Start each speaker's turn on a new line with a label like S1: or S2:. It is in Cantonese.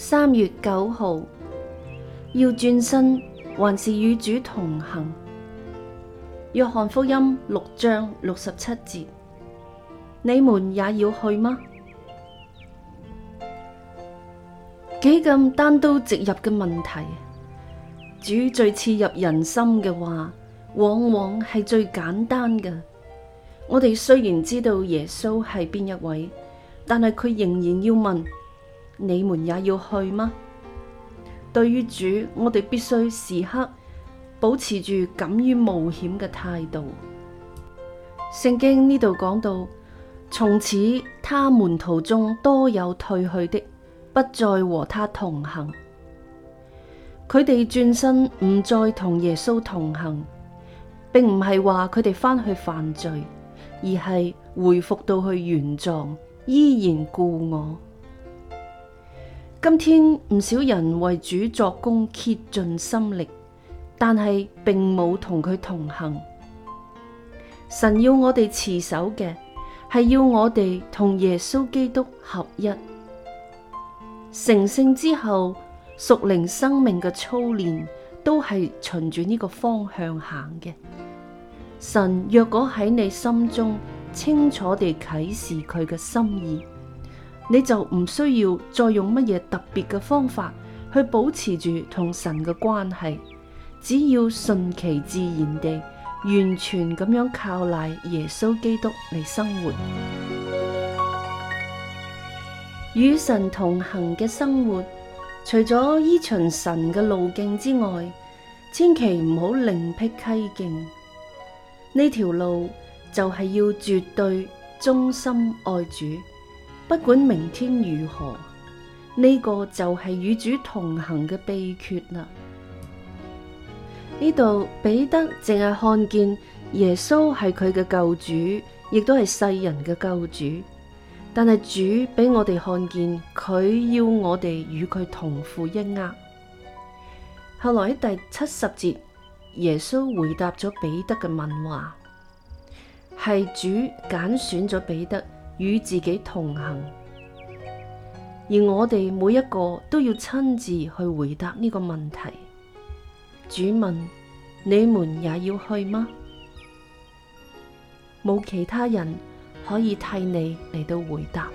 S1: 三月九號，要轉身，還是與主同行？約翰福音六章六十七節，你們也要去嗎？幾咁單刀直入嘅問題，主最刺入人心嘅話，往往係最簡單嘅。我哋雖然知道耶穌係邊一位，但係佢仍然要問。你們也要去嗎？對於主，我哋必須時刻保持住敢於冒險嘅態度。聖經呢度講到，從此，他們途中多有退去的，不再和他同行。佢哋轉身唔再同耶穌同行，並唔係話佢哋翻去犯罪，而係回復到佢原狀，依然故我。今天唔少人為主作工竭盡心力，但係並冇同佢同行。神要我哋持守嘅，係要我哋同耶穌基督合一。成聖之後，屬靈生命嘅操練都係循住呢個方向行嘅。神若果喺你心中清楚地啟示佢嘅心意，你就唔需要再用乜嘢特別嘅方法去保持住同神嘅關係，只要順其自然地，完全咁樣靠賴耶穌基督嚟生活，與 神同行嘅生活，除咗依循神嘅路徑之外，千祈唔好另辟蹊徑。呢條路就係要絕對忠心愛主。不管明天如何，呢個就係與主同行嘅秘訣啦。呢度彼得淨係看見耶穌係佢嘅救主，亦都係世人嘅救主。但係主俾我哋看見，佢要我哋與佢同負一軛。後來喺第七十節，耶穌回答咗彼得嘅問話，係主揀選咗彼得。與自己同行，而我哋每一個都要親自去回答呢個問題。主問：你們也要去嗎？冇其他人可以替你嚟到回答。